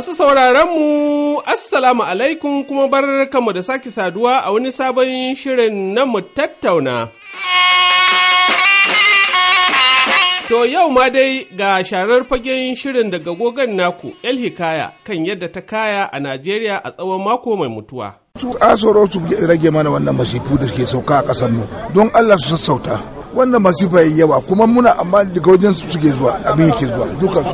Masu sauraronmu, Assalamu alaikum kuma bar mu da sake saduwa a wani sabon shirin na mu tattauna. To yau ma dai ga sharar fagen shirin daga gogon naku, El Hikaya, kan yadda ta kaya a Najeriya a tsawon mako mai mutuwa. Su asoro su rage mana wannan masifu da ke sauka a ƙasar mu, don Allah su sassauta. wannan masu yi yawa kuma muna amma daga wajen su suke zuwa abin yake zuwa dukan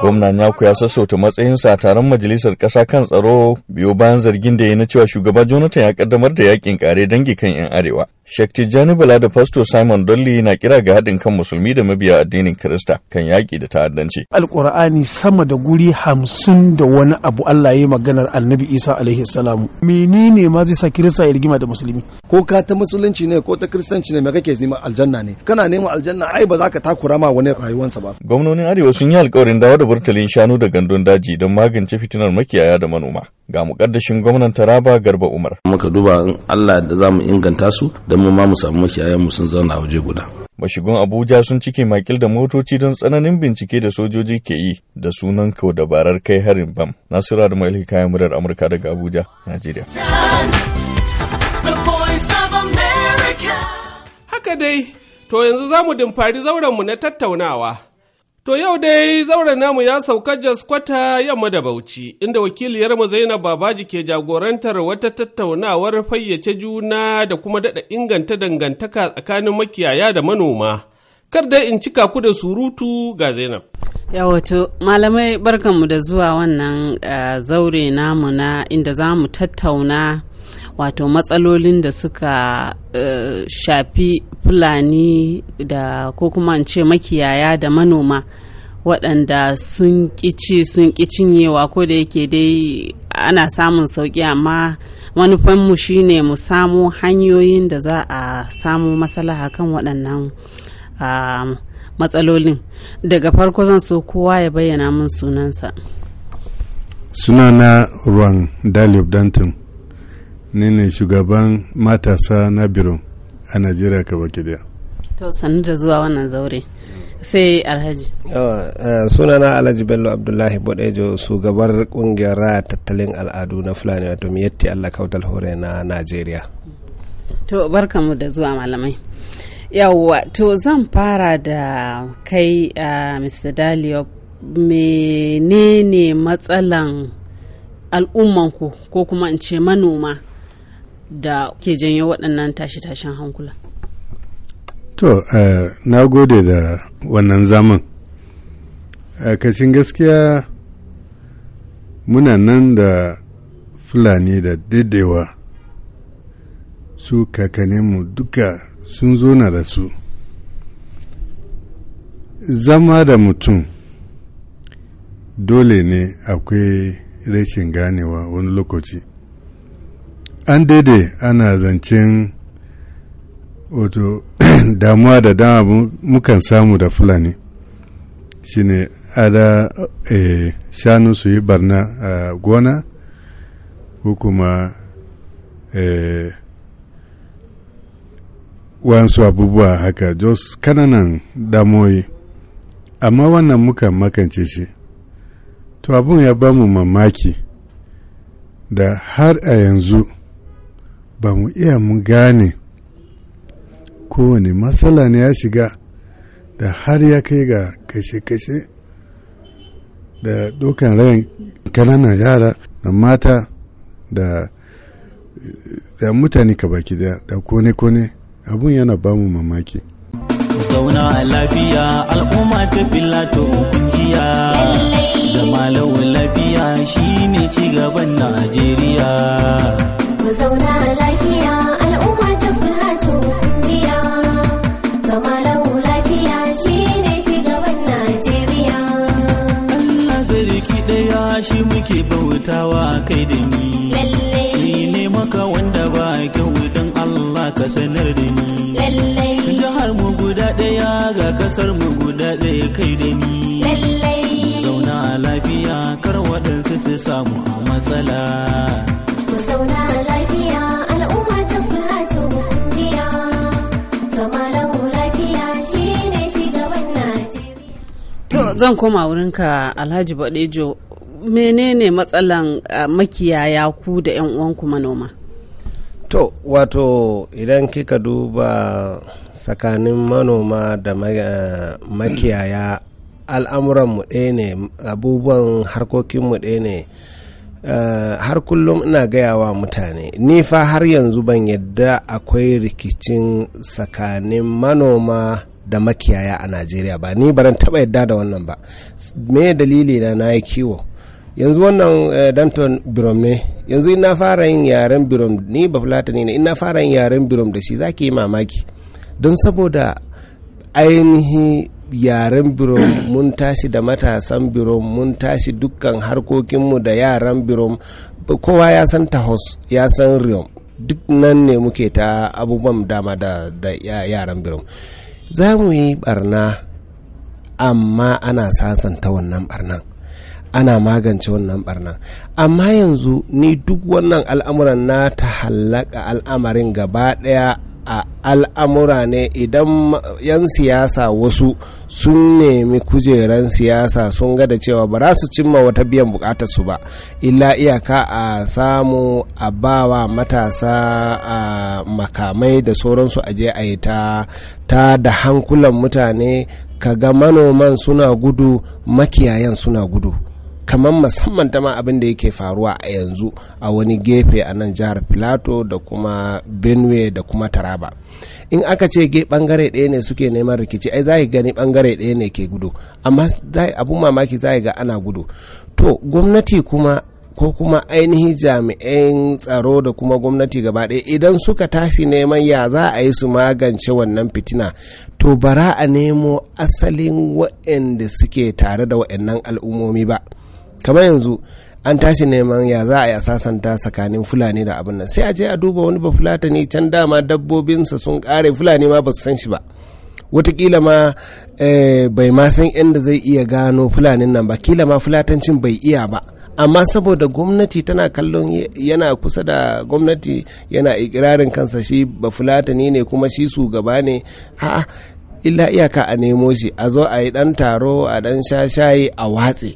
gwamnan yaku ya sassauta matsayinsa a taron majalisar ƙasa kan tsaro biyo bayan zargin da ya na cewa shugaba jonathan ya kaddamar da yakin kare dangi kan yan arewa Sheikh Tijjani Bala da Fasto Simon Dolly na kira ga haɗin kan musulmi da mabiya addinin Kirista kan yaƙi da ta'addanci. Alƙur'ani sama da guri hamsin da wani abu Allah ya maganar Annabi Isa alaihi salamu. Menene ma zai sa Kirista ya rigima da musulmi? Ko ka ta musulunci ne ko ta kiristanci ne me kake neman aljanna ne? Kana neman aljanna ai ba za ka takura ma wani rayuwansa ba. Gwamnonin Arewa sun yi alƙawarin dawo da burtalin shanu da gandun daji don magance fitinar makiyaya da manoma. Ga muƙaddashin gwamnan Taraba Garba Umar. Muka duba Allah da za mu inganta su don mu ma mu samu mu sun zauna a waje guda. Mashigun Abuja sun cike makil da motoci don tsananin bincike da sojoji ke yi da sunan kau dabarar kai harin bam. Nasiru da Maili kayan murar Amurka daga Abuja, Najeriya. Haka dai, to yanzu za mu dimfari mu na tattaunawa. To yau dai zauren namu ya sauka jaskwata yamma da Bauchi, inda wakiliyarmu Zainab Babaji ke jagorantar wata tattaunawar fayyace juna da kuma daɗa inganta dangantaka tsakanin makiyaya da manoma. Kar dai in cika ku da surutu ga Zainab. Ya wato, malamai barkanmu da zuwa wannan uh, zaure namu na inda za mu tattauna wato matsalolin da suka uh, shafi fulani da ko kuma ce makiyaya da manoma waɗanda sun ƙici sun cinyewa ko da yake dai ana samun sauƙi amma manufanmu ne mu samu hanyoyin da za a samu maslaha kan waɗannan ah, matsalolin daga farko zan so kowa ya bayyana min sunansa sunana ruwan dalib dantin ni ne shugaban matasa na biro a najeriya ka baki daya to sannu da zuwa wannan zaure sai alhaji eh, sunana alhaji bello abdullahi bodejo shugabar kungiyar raya tattalin al'adu na fulani wato miyatti allah kautal hore na najeriya to barkanmu da zuwa malamai yawwa to zan fara da kai a eh, mr dalio menene matsalan al'ummanku ko kuma in ce manoma da ke janyo waɗannan tashi tashen hankula to eh, na gode da wannan zaman a eh, kashin gaskiya muna nan da fulani da daidaiwa su kakaninmu duka sun zo na da su zama da mutum dole ne akwai rashin ganewa wani lokaci an daidai ana zancen wato damuwa da dama mukan samu da fulani shine ada eh, shanu su yi barna a gona ko kuma eh, wasu abubuwa haka jos kananan damoyi amma wannan mukan makance shi to abun ya bamu mamaki da har a yanzu ba mu iya mu gane kowane matsala ne ya shiga da har ya kai ga kashe-kashe da dokan rayan kananan yara da mata da da mutane ka baki daya da kone-kone abun yana bamu mamaki. zauna lafiya al'umma ta to. kai da ni ni ne maka wanda ba kyau don Allah ka sanar da ni jihar mu guda ɗaya ga kasar mu guda ɗaya kai da ni zauna lafiya kar waɗansu su samu matsala zan koma wurinka Alhaji Badejo menene matsalan makiyaya ku da 'yan uwanku manoma to wato idan kika duba tsakanin manoma da makiyaya al'amuranmu ɗaya ne abubuwan harkokinmu ɗaya ne har kullum ina gaya wa mutane ni fa har yanzu ban yadda akwai rikicin tsakanin manoma da makiyaya a najeriya ba ni baran taba yadda da wannan ba me dalili na na yi kiwo yanzu wannan eh, danton birom ne yanzu ina fara yin yaren birom ni ba ne ne ina fara yin yaren birom da shi zaki yi mamaki don saboda ainihi yaren birom mun tashi da matasan birom mun tashi dukkan harkokinmu da yaren birom kowa ya san tahos ya san riom duk nan ne muke ta abubuwan dama da, yaren yaran birom za mu yi barna amma ana sasanta wannan barnan ana magance wannan barna amma yanzu ni duk wannan al'amuran na ta hallaka al'amarin gaba ɗaya a al'amura ne idan 'yan siyasa wasu sun nemi kujeran siyasa sun ga da cewa ba za su cimma wata biyan su ba illa iyaka a samu a bawa matasa a makamai da sauransu aje a yi ta da hankulan mutane kaga manoman suna gudu makiyayan suna gudu kamar musamman ta ma abin da yake faruwa a yanzu a wani gefe a nan jihar Filato da kuma Benue da kuma Taraba. In aka ce ge bangare ɗaya ne suke neman rikici ai za gani bangare ɗaya ne ke gudu amma abun mamaki za ga ana gudu. To gwamnati kuma ko kuma ainihin jami'an tsaro da kuma gwamnati gaba ɗaya idan suka tashi neman ya za a yi su magance wannan fitina to bara a nemo asalin waɗanda suke tare da waɗannan al'ummomi ba. kamar yanzu an tashi neman ya za a yi sasanta tsakanin fulani da abin nan sai a je a duba wani fulata ne can dama dabbobinsa sun kare fulani ma ba su san shi ba watakila ma eh, bai ma san inda zai iya gano fulanin nan ba kila ma fulatancin bai iya ba amma saboda gwamnati tana kallon yana kusa da gwamnati yana ikirarin kansa shi ba fulatani ne kuma shi sugaba ne a'a illa iyaka a nemo shi a zo a yi dan taro a dan sha shayi a watse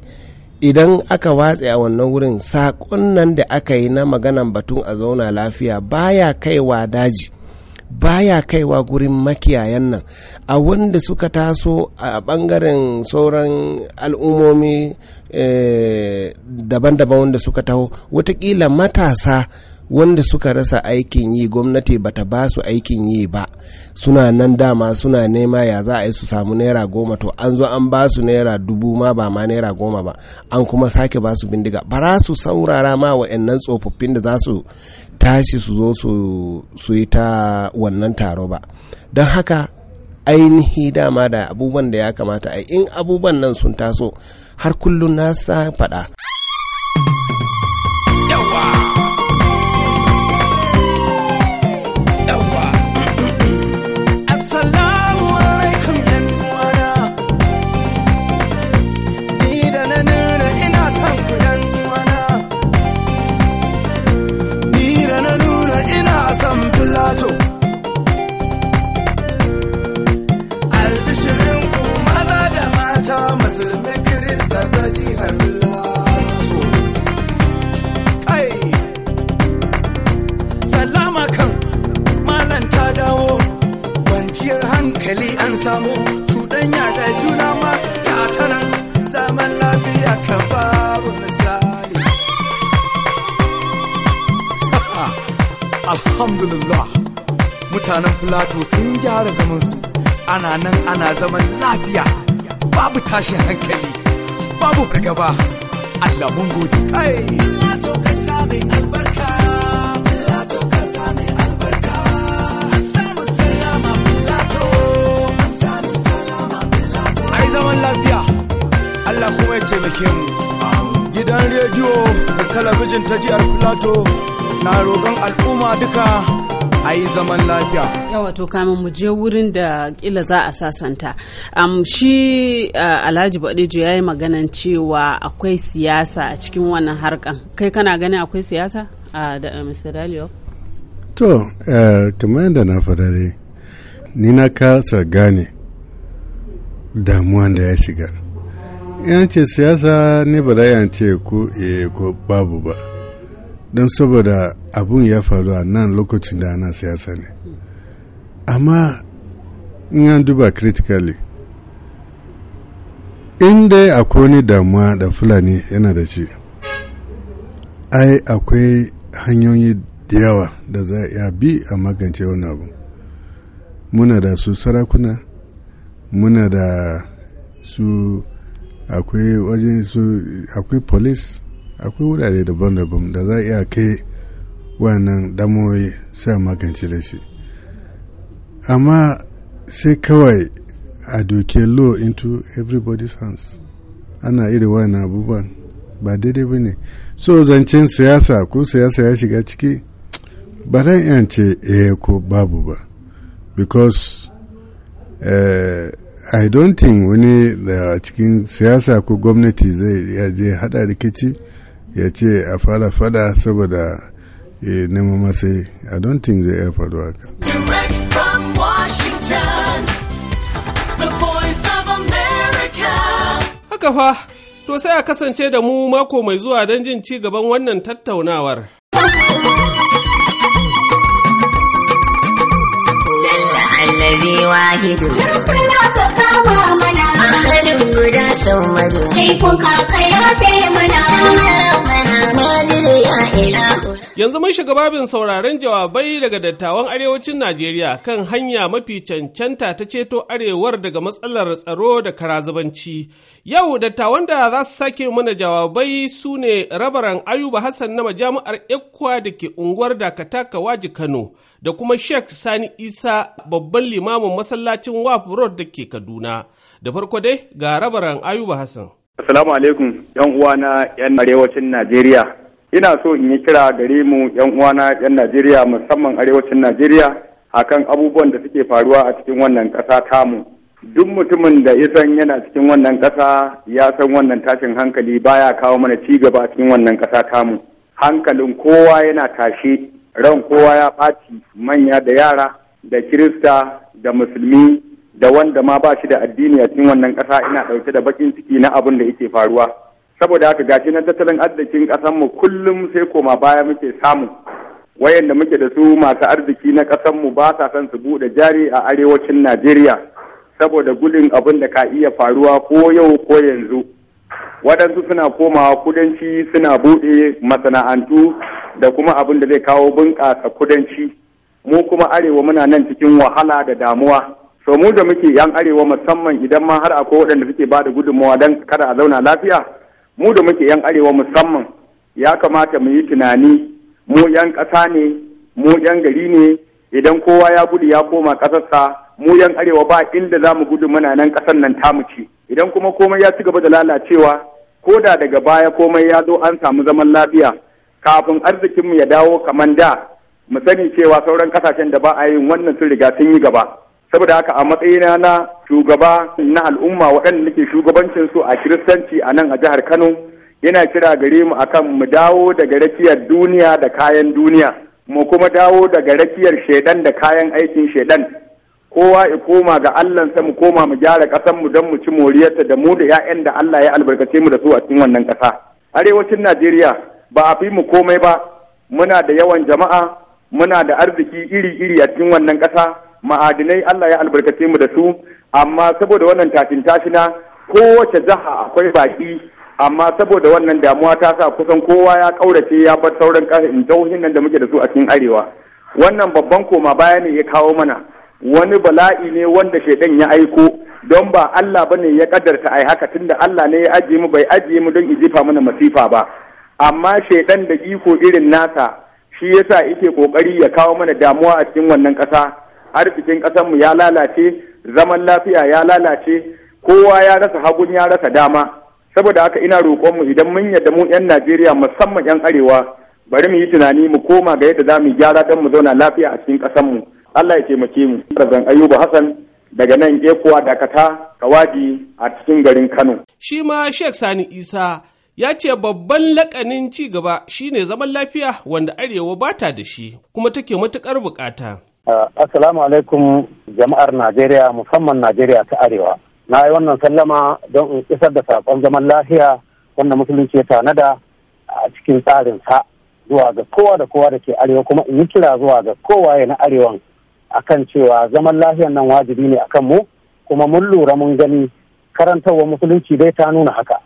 idan aka watse a wannan wurin saƙon nan da aka yi na maganan batun a zauna lafiya baya kaiwa daji baya kaiwa gurin makiyayan nan a wanda suka taso a bangaren sauran al'ummomi eh, daban-daban wanda suka taho watakila matasa wanda suka rasa aikin yi gwamnati bata ba su aikin yi ba suna nan dama suna nema ya za a yi su samu naira goma to an zo an ba su naira dubu ma ba ma naira goma ba an kuma sake ba su bindiga bara su saurara ma wa'annan tsofaffin da za su tashi su zo su yi ta wannan taro ba don haka ainihi dama da abubuwan da ya kamata ai in abubuwan nan sun taso har kullum na sa faɗa. alhamdulillah mutanen filato sun gyara zamansu ana nan ana zaman lafiya babu tashin hankali babu fargaba Allah mun gode kai filato ka same albarka filato ka same albarka an samu salama filato an samu salama filato ai zaman lafiya Allah kuma ya taimake mu gidan rediyo da talabijin ta jihar filato na roƙon al'umma duka a yi zaman lafiya. Yawa to kamin mu je wurin da kila za a sasanta. Um, shi uh, Alhaji Badejo ya yi maganan cewa akwai siyasa a cikin wannan harkan. Kai kana ganin akwai siyasa a da Mr. Dalio? To, kamar yadda na faɗa ni na kasa gane damuwan da ya shiga. Yan ce siyasa ne ba da yan ce eh, ko babu ba. don saboda abun ya faru a nan lokacin da ana siyasa ne amma in an duba critically inda dai akwai wani damuwa da fulani yana da shi ai akwai hanyoyi da yawa da za a bi a magance wani abu muna da su sarakuna muna da su akwai wajen su akwai police akwai wurare daban-daban da za a iya kai wannan damoyi sai a magance da shi amma sai kawai a doke law into everybody's hands ana iri wannan abubuwan ba daidai ba ne so zancen siyasa ko siyasa ya shiga ciki ba ran yance eh ko babu ba because uh, i don't think wani da cikin siyasa ko gwamnati zai je hada rikici ya ce a fara fada saboda ya eh, nemo masai i don't think zai iya faru haka haka fa to sai a kasance da mu mako mai zuwa don jin ci gaban wannan tattaunawar الذي mana. Yanzu mun shiga babin sauraron jawabai daga dattawan arewacin Najeriya kan hanya mafi cancanta ta ceto arewar daga matsalar tsaro da karazubanci. Yau dattawan da za su sake mana jawabai su ne rabaran Ayuba Hassan na majami'ar Ekwa da ke unguwar Dakata Kawaji Kano da kuma Sheikh Sani Isa babban limamin masallacin Waf Road da ke Kaduna. Da farko dai ga rabaran Ayuba Hassan. Assalamu alaikum yan uwana yan arewacin Najeriya. Ina so in yi kira gare mu yan uwana yan Najeriya musamman arewacin Najeriya akan abubuwan da suke faruwa a cikin wannan ƙasa tamu. Duk mutumin da ya san yana cikin wannan ƙasa ya san wannan tashin hankali baya kawo mana ci gaba a cikin wannan ƙasa tamu. Hankalin kowa yana tashi ran kowa ya ɓaci manya da yara da Kirista da Musulmi da wanda ma ba shi da addini a cikin wannan ƙasa ina ɗauke da bakin ciki na abin da yake faruwa saboda haka gashi na tattalin arzikin mu kullum sai koma baya muke samu wayanda muke da su masu arziki na ƙasanmu ba sa son su buɗe jari a arewacin najeriya saboda gudun abin da ka iya faruwa ko yau ko yanzu waɗansu suna komawa kudanci suna buɗe masana'antu da kuma abin da zai kawo bunƙasa kudanci mu kuma arewa muna nan cikin wahala da damuwa to mu da muke yan arewa musamman idan ma har akwai waɗanda suke ba da gudunmawa don kada a zauna lafiya mu da muke yan arewa musamman ya kamata mu yi tunani mu yan ƙasa ne mu yan gari ne idan kowa ya gudu ya koma ƙasarsa mu yan arewa ba inda za mu gudu muna nan ƙasar nan ta ce idan kuma komai ya ci gaba da lalacewa ko da daga baya komai ya zo an samu zaman lafiya kafin arzikinmu ya dawo kamar da mu sani cewa sauran ƙasashen da ba a yin wannan sun riga sun yi gaba saboda haka a matsayina na shugaba na al'umma waɗanda nake shugabancin su a kiristanci a nan a jihar kano yana kira gare mu akan mu dawo daga rakiyar duniya da kayan duniya mu kuma dawo daga rakiyar shaidan da kayan aikin shaidan kowa ya koma ga Allahnsa mu koma mu gyara ƙasar mu don mu ci moriyarta da mu da 'ya'yan da Allah ya albarkace mu da su a cikin wannan ƙasa. Arewacin Najeriya ba a fi mu komai ba muna da yawan jama'a muna da arziki iri-iri a cikin wannan ƙasa ma'adinai Allah ya albarkace mu da su amma saboda wannan tafin tashina kowace jiha akwai baki amma saboda wannan damuwa ta sa kusan kowa ya kaurace ya bar sauran ƙasashen jauhin nan da muke da su a cikin arewa wannan babban koma baya ne ya kawo mana wani bala'i ne wanda shaidan ya aiko don ba Allah bane ya kaddarta ai haka tunda Allah ne ya ajiye mu bai ajiye mu don ijifa mana masifa ba amma shaidan da iko irin nasa shi yasa yake kokari ya kawo mana damuwa a cikin wannan ƙasa arzikin ƙasarmu ya lalace zaman lafiya ya lalace kowa ya rasa hagun ya rasa dama saboda haka ina roƙonmu idan mun yadda mu 'yan najeriya musamman 'yan arewa bari mu yi tunani mu koma ga yadda za mu gyara don mu zauna lafiya a cikin ƙasarmu allah ya taimake mu Zan ayuba hassan daga nan ekuwa dakata kawadi a cikin garin kano shi ma sheikh sani isa ya ce babban lakanin ci gaba shine zaman lafiya wanda arewa ba ta da shi kuma take matukar bukata Uh, assalamu alaikum jama'ar Najeriya musamman Najeriya ta Arewa. Na yi wannan sallama don in isar da saƙon zaman lafiya wanda musulunci ya tanada a cikin tsarin sa zuwa ga kowa da kowa da ke arewa kuma in yi kira zuwa ga kowa ya na arewan akan cewa zaman lafiyan nan wajibi ne akan mu kuma mun lura mun gani karantarwa musulunci dai ta nuna haka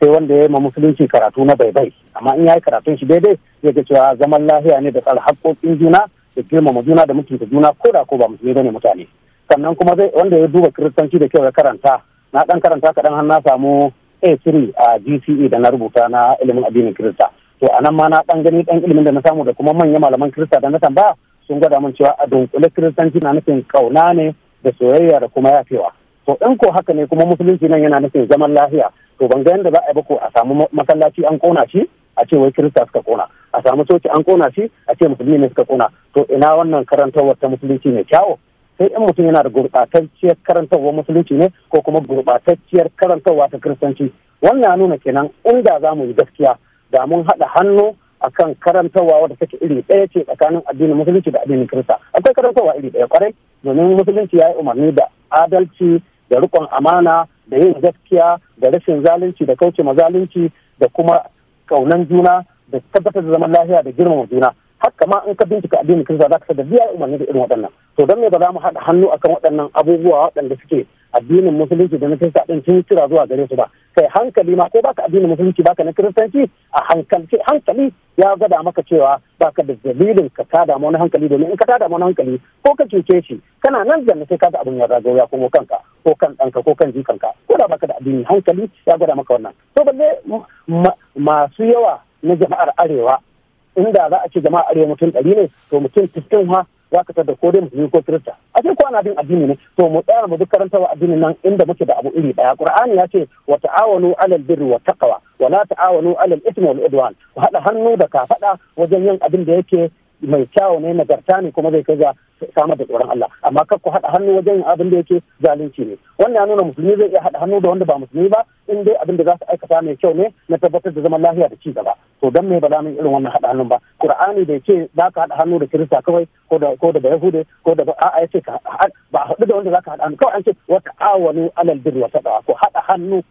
sai wanda ya yi ma musulunci karatu na bai bai amma in ya yi karatun shi daidai zai ga cewa zaman lafiya ne da tsara haƙƙoƙin juna da girmama juna da mutunta juna ko da ko ba musulmi bane mutane sannan kuma zai wanda ya duba kiristanci da kyau ya karanta na dan karanta kaɗan har na samu A3 a GCE e da na rubuta na ilimin addinin Kirista to a nan ma na dan gani dan ilimin da na samu da kuma manyan malaman Kirista da na tambaya sun gwada min cewa a dunkule kiristanci na nufin kauna ne da soyayya da kuma yafewa to in ko haka ne kuma musulunci nan yana nufin zaman lafiya to ban ga yadda za a yi ba ko a samu masallaci an kona shi a ce wai kirista suka kona a samu coci an kona shi a ce musulmi ne suka kona to ina wannan karantarwar ta musulunci mai kyawo sai in mutum yana da gurɓatacciyar karantarwar musulunci ne ko kuma gurɓatacciyar karantarwa ta kiristanci wannan nuna kenan inda za mu yi gaskiya da mun haɗa hannu akan karantarwa wadda take iri ɗaya ce tsakanin addinin musulunci da addinin kirista akwai karantarwa iri ɗaya kwarai domin musulunci ya yi umarni da adalci da rikon amana da yin gaskiya da rashin zalunci da kauce ma zalunci da kuma kaunan juna da tabbatar da zaman lafiya da girmama juna haka ma in ka bincika addinin kirista za ka da biya umarni da irin waɗannan to don me ba za mu haɗa hannu akan waɗannan abubuwa waɗanda suke addinin musulunci da na kirista ɗin sun kira zuwa gare su ba kai hankali ma ko baka addinin musulunci baka na kiristanci a hankali hankali ya gwada maka cewa baka da dalilin ka ta damu wani hankali domin in ka ta damu wani hankali ko ka cuce shi kana nan da sai k'a ga abin ya zagayo ya komo kanka ko kan ɗanka ko kan jikanka ko da baka da addini hankali ya gwada maka wannan to balle masu yawa na jama'ar arewa inda za a ce jama'a arewa mutum ɗari ne to mutum cikin ha za ka tada ko dai musulmi ko kirista a ce ko bin addini ne to mu tsaya mu duk wa addini nan inda muke da abu iri daya qur'ani ya ce wa ta'awanu alal birri wa taqwa wa la ta'awanu alal ithmi wal udwan ku haɗa hannu da kafada wajen yin abin da yake mai kyawu ne nagarta ne kuma zai kai ga samar da tsoron Allah amma kar ku haɗa hannu wajen abin da yake zalunci ne wannan ya nuna musulmi zai iya haɗa hannu da wanda ba musulmi ba in dai abin da za su aikata mai kyau ne na tabbatar da zaman lafiya da ci gaba to dan me ba za irin wannan haɗa hannun ba qur'ani da yake za ka haɗa hannu da kirista kawai ko da ko da bayahude ko da a'a yace ka ba haɗu da wanda za ka haɗa hannu kawai an ce wata awanu alal birri wa taqwa ko haɗa hannu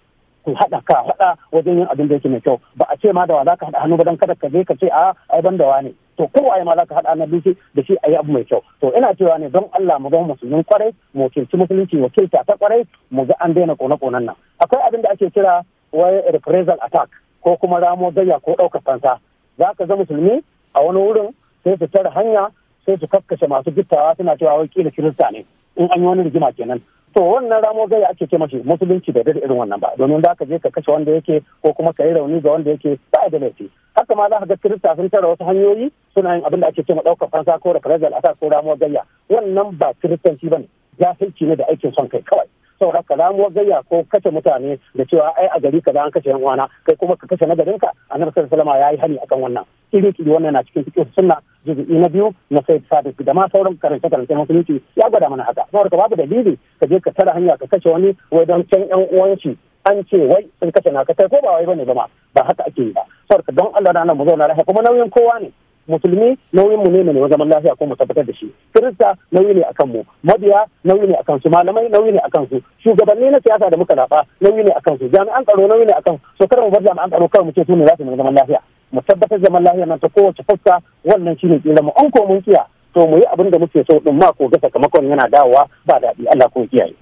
ku haɗa ka haɗa wajen yin abin da yake mai kyau ba a ce ma da wa za ka haɗa hannu ba dan kada ka je ka ce a ai ban da ne to ko ai ma za ka haɗa na duki da shi ayi abu mai kyau to ina cewa ne don Allah mu ga musulmin kwarai mu wakilci musulunci wakilta ta kwarai mu ga an daina kona-konan nan akwai abin da ake kira wai reprisal attack ko kuma ramo gayya ko ɗaukar fansa za ka ga musulmi a wani wurin sai su tare hanya sai su kafkashe masu gittawa suna cewa wai kila kirista ne in an yi wani rigima kenan to wannan ramo zai ake ce mashi musulunci da dare irin wannan ba domin za ka je ka kashe wanda yake ko kuma ka yi rauni ga wanda yake ba da laifi haka ma za ka ga kirista sun tara wasu hanyoyi suna yin abin da ake ce ma ɗaukar fansa ko da karazal a ko ramo gayya wannan ba kiristanci ba ne jahilci ne da aikin son kai kawai saboda ka ramuwar gayya ko kashe mutane da cewa ai a gari da an kashe yan uwana kai kuma ka kashe na garinka annabi sallallahu alaihi wasallam yi hani akan wannan iri iri wannan na cikin cikin sunna juzu'i na biyu na sai sadiq da ma sauran karanta karanta musulunci ya gwada mana haka saboda babu dalili ka je ka tara hanya ka kashe wani wai don can yan uwanci an ce wai sun kashe ka kai ko ba wai bane ba ma ba haka ake yi ba saboda don Allah na mu zauna lafiya kuma nauyin kowa ne musulmi nauyin mu ne ne wa zaman lafiya ko mu tabbatar da shi kirista nauyi ne akan mu mabiya nauyi ne akan su malamai nauyi ne akan su shugabanni na siyasa da muka zaɓa nauyi ne akan su jami'an tsaro nauyi ne akan su kar mu bar jami'an tsaro kar mu ce su ne za su zaman lafiya mu tabbatar zaman lahiya nan ta kowace fuska wannan ne tsira mu an ko mun kiya to mu yi abin da muke so din ma ko ga sakamakon yana dawowa ba daɗi Allah ko kiyaye.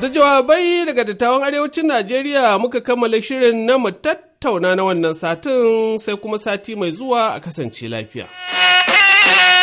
Da jawabai daga dattawan arewacin Najeriya muka kammala shirin na mu tattauna na wannan satin sai kuma sati mai zuwa a kasance lafiya.